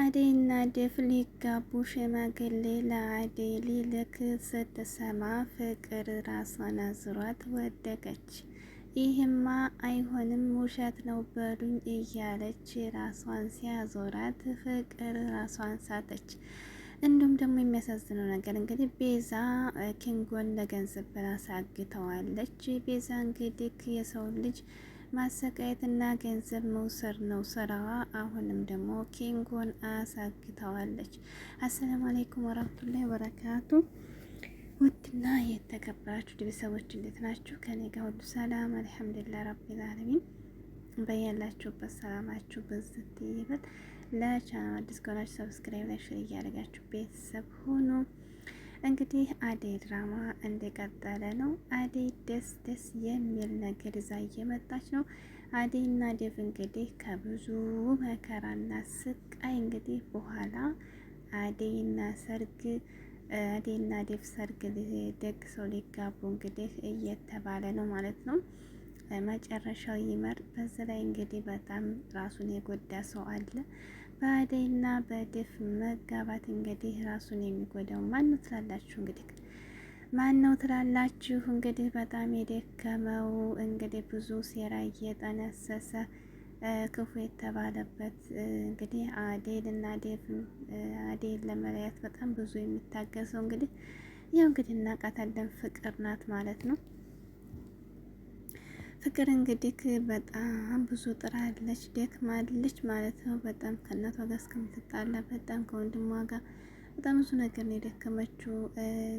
አደይና ዴፍ ሊጋቡ ሽማግሌ ለአደይ ሊልክ ስትሰማ ፍቅር ራሷን አዙሯት ወደቀች። ይህማ አይሆንም ውሸት ነው በሉኝ እያለች ራሷን ሲያዞራት ፍቅር ራሷን ሳተች። እንዲሁም ደግሞ የሚያሳዝነው ነገር እንግዲህ ቤዛ ኪንጎን ለገንዘብ በራስ አግተዋለች። ቤዛ እንግዲህ የሰውን ልጅ ማሰቃየትና ገንዘብ መውሰድ ነው ስራዋ። አሁንም ደግሞ ኪንጎን አሳግተዋለች። አሰላሙ አሌይኩም ወራህመቱላሂ ወበረካቱ። ውድና የተከበራችሁ ቤተሰቦች እንዴት ናችሁ? ከኔ ጋር ሁሉ ሰላም አልሐምዱሊላህ ረቢል አለሚን። በያላችሁበት ሰላማችሁ በዝት ይበል። ለቻናል አዲስ ከሆናችሁ ሰብስክራይብ፣ ላይክ፣ ሼር እያደረጋችሁ ቤተሰብ ሁኑ። እንግዲህ አደይ ድራማ እንደቀጠለ ነው። አደይ ደስ ደስ የሚል ነገር ይዛ እየመጣች ነው። አደይ እና ዴቭ እንግዲህ ከብዙ መከራና ስቃይ እንግዲህ በኋላ አደይና ሰርግ አደይና ዴቭ ሰርግ ደግሰው ሊጋቡ እንግዲህ እየተባለ ነው ማለት ነው። መጨረሻው ይመር። በዚህ ላይ እንግዲህ በጣም ራሱን የጎዳ ሰው አለ። በአደይና በድፍ መጋባት እንግዲህ ራሱን የሚጎዳው ማን ነው ትላላችሁ? እንግዲህ ማን ነው ትላላችሁ? እንግዲህ በጣም የደከመው እንግዲህ ብዙ ሴራ እየጠነሰሰ ክፉ የተባለበት እንግዲህ አዴልና ዴፍን ለመለያት በጣም ብዙ የሚታገሰው እንግዲህ ያው እንግዲህ እናቃታለን ፍቅር ናት ማለት ነው። ፍቅር እንግዲህ በጣም ብዙ ጥራለች፣ ደክማለች ማለት ነው። በጣም ከእናቷ ጋር እስከምትጣላ በጣም ከወንድሟ ጋር በጣም ብዙ ነገር ነው የደከመችው።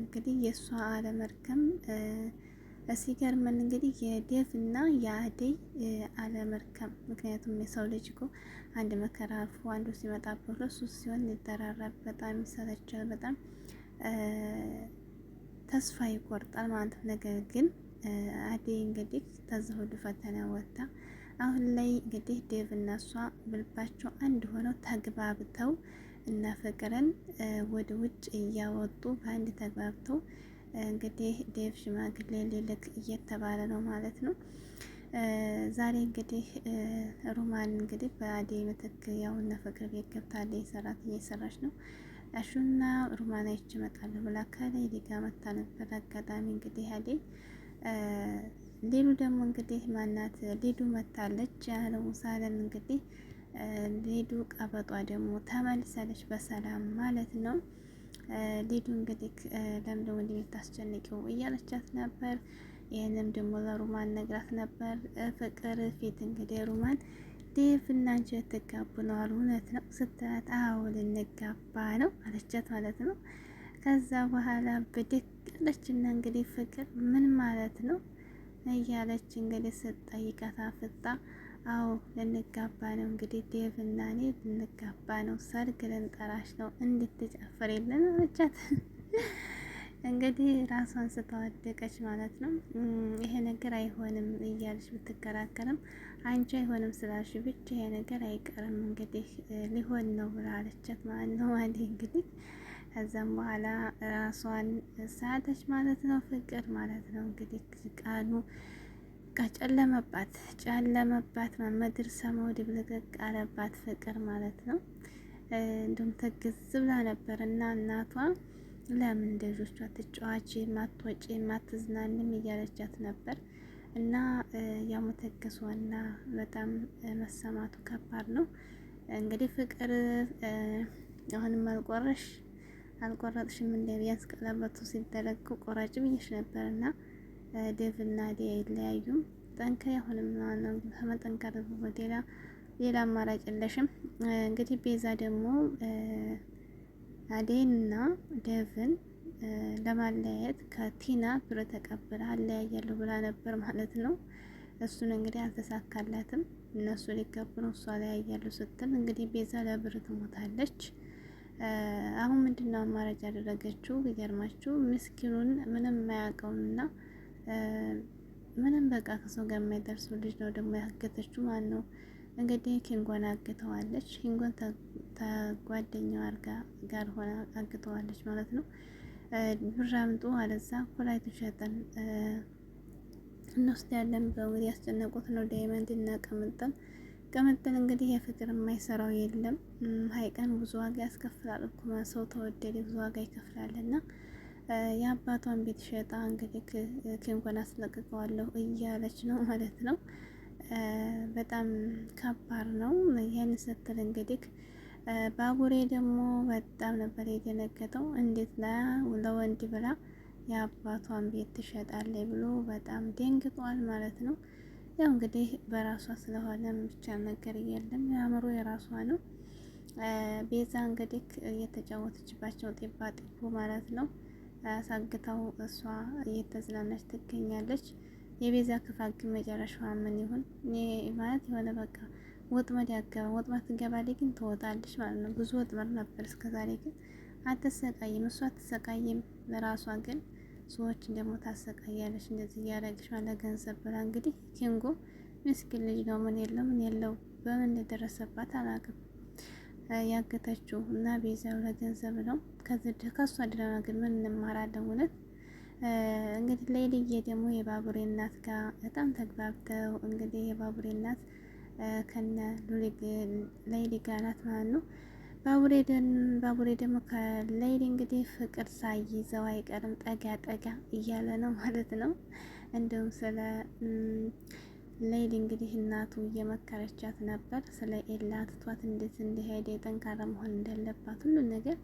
እንግዲህ የእሷ አለመርከም ሲገርመን እንግዲህ የዴቭ እና የአደይ አለመርከም። ምክንያቱም የሰው ልጅ እኮ አንድ መከራ አልፎ አንዱ ሲመጣበት እሱ ሲሆን ይደራረብ፣ በጣም ይሰለቻል፣ በጣም ተስፋ ይቆርጣል ማለት ነገር ግን አደይ እንግዲህ ከዛ ሁሉ ፈተና ወጥታ አሁን ላይ እንግዲህ ዴቭ እና እሷ ልባቸው አንድ ሆነው ተግባብተው እና ፍቅርን ወደ ውጭ እያወጡ በአንድ ተግባብተው እንግዲህ ዴቭ ሽማግሌ ሊልክ እየተባለ ነው ማለት ነው። ዛሬ እንግዲህ ሩማን እንግዲህ በአዴ ምትክ ያው እነ ፍቅር ቤት ገብታለች፣ ሰራት እየሰራች ነው። አሹና ሩማን አይቼ እመጣለሁ ብላ ከላይ ሊጋ መታ ነበር። አጋጣሚ እንግዲህ አዴ ሌሉ ደግሞ እንግዲህ ማናት ሌዱ መታለች ያለ ሙሳለም እንግዲህ ሌዱ ቀበጧ ደግሞ ተመልሳለች በሰላም ማለት ነው። ሌዱ እንግዲህ ለምለም ወንድ የምታስጨንቂው እያለቻት ነበር። ይህንም ደግሞ ለሩማን ነግራት ነበር። ፍቅር ፊት እንግዲህ ሩማን ዴቭ እና አንቺ ልትጋቡ ነው እውነት ነው ስትላት፣ አዎ ልንጋባ ነው አለቻት ማለት ነው። ከዛ በኋላ ብድግ አለችና እንግዲህ ፍቅር ምን ማለት ነው እያለች እንግዲህ ስጠይቃት አፍጣ አዎ ልንጋባ ነው እንግዲህ ዴቭ እና እኔ ልንጋባ ነው፣ ሰርግ ልንጠራሽ ነው እንድትጨፍር የለን አለቻት። እንግዲህ ራሷን ስታወደቀች ማለት ነው። ይሄ ነገር አይሆንም እያለች ብትከራከርም አንቺ አይሆንም ስላልሽ ብቻ ይሄ ነገር አይቀርም እንግዲህ ሊሆን ነው ብላ አለቻት ማለት ነው። እንግዲህ ከዛም በኋላ ራሷን ሳተች ማለት ነው። ፍቅር ማለት ነው እንግዲህ ቃሉ ጨለመባት፣ ጨለመባት ምድር ሰማው ድብልቅልቅ አለባት ፍቅር ማለት ነው። እንዲሁም ትግዝ ብላ ነበር እና እናቷ ለምን ልጆቿ ትጫዋች ማትወጪ ማትዝናንም እያለቻት ነበር እና ያሞተገሷ እና በጣም መሰማቱ ከባድ ነው እንግዲህ ፍቅር አሁንም አልቆረሽ አልቆረጥሽም እንደ ቢያንስ ቀለበቱ ሲደረግ ቆራጭ ብዬሽ ነበር። እና ዴቭና ዴ አይለያዩም። ጠንካይ አሁንም ከመጠንከር ሌላ ሌላ አማራጭ የለሽም። እንግዲህ ቤዛ ደግሞ አዴንና ዴቭን ለማለያየት ከቲና ብር ተቀብላ አለያያለሁ ብላ ነበር ማለት ነው። እሱን እንግዲህ አልተሳካላትም። እነሱ ሊጋቡ ነው፣ እሷ አለያያለሁ ስትል እንግዲህ ቤዛ ለብር ትሞታለች። አሁን ምንድን ነው አማራጭ ያደረገችው ቢገርማችሁ፣ ምስኪኑን ምንም የማያውቀውንና ምንም በቃ ከሰው ጋር የማይደርሰው ልጅ ነው ደግሞ ያገተችው። ማን ነው እንግዲህ ኪንጎን አግተዋለች። ኪንጎን ተጓደኛው አርጋ ጋር ሆና አግተዋለች ማለት ነው። ብር አምጡ አለዛ ኮላይቱ ሸጠን እንወስዳለን በእንግዲህ ያስጨነቁት ነው ዳይመንድ እና ከመጠን እንግዲህ የፍቅር የማይሰራው የለም። ሀይቀን ብዙ ዋጋ ያስከፍላል እኮ ሰው ተወደደ ብዙ ዋጋ ይከፍላልና የአባቷን ቤት ሸጣ እንግዲህ ኪንጎን አስለቅቀዋለሁ እያለች ነው ማለት ነው። በጣም ከባድ ነው። ይህን ስትል እንግዲህ ባቡሬ ደግሞ በጣም ነበር የደነገጠው። እንዴት ለወንድ ብላ የአባቷን ቤት ትሸጣለች ብሎ በጣም ደንግጧል ማለት ነው። ያው እንግዲህ በራሷ ስለሆነ የሚቻል ነገር የለም። የአእምሮ የራሷ ነው። ቤዛ እንግዲህ እየተጫወተችባቸው ጤባ ጤቦ ማለት ነው። ሳግታው እሷ እየተዝናናች ትገኛለች። የቤዛ ክፋት ግን መጨረሻዋ ምን ይሁን ማለት የሆነ በቃ ወጥመድ ያገባ ወጥመድ ትገባለች፣ ግን ትወጣለች ማለት ነው። ብዙ ወጥመድ ነበር እስከዛሬ፣ ግን አትሰቃይም። እሷ አትሰቃይም። ራሷ ግን ሰዎችን ደግሞ ታሰቃያለች እንደዚህ እያደረግሽ ለገንዘብ ብላ እንግዲህ ኪንጉ ምስኪን ልጅ ነው። ምን የለው ምን የለው በምን የደረሰባት አላውቅም። ያገተችው እና ቤዛው ለገንዘብ ነው። ከዚህ ከሷ ድራማ ግን ምን እንማራለን? እውነት እንግዲህ ሌሊዬ ደግሞ የባቡሬ እናት ጋር በጣም ተግባብተው እንግዲህ የባቡሬ እናት ከነ ሉሊግ ሌሊ ጋር ናት ማለት ነው። ባቡሬ ባቡሬ ደግሞ ከሌይድ እንግዲህ ፍቅር ሳይዘው አይቀርም ጠጋ ጠጋ እያለ ነው ማለት ነው። እንደውም ስለ ሌይድ እንግዲህ እናቱ እየመከረቻት ነበር። ስለ ኤላ ትቷት እንዴት እንዲሄድ ጠንካራ መሆን እንዳለባት ሁሉ ነገር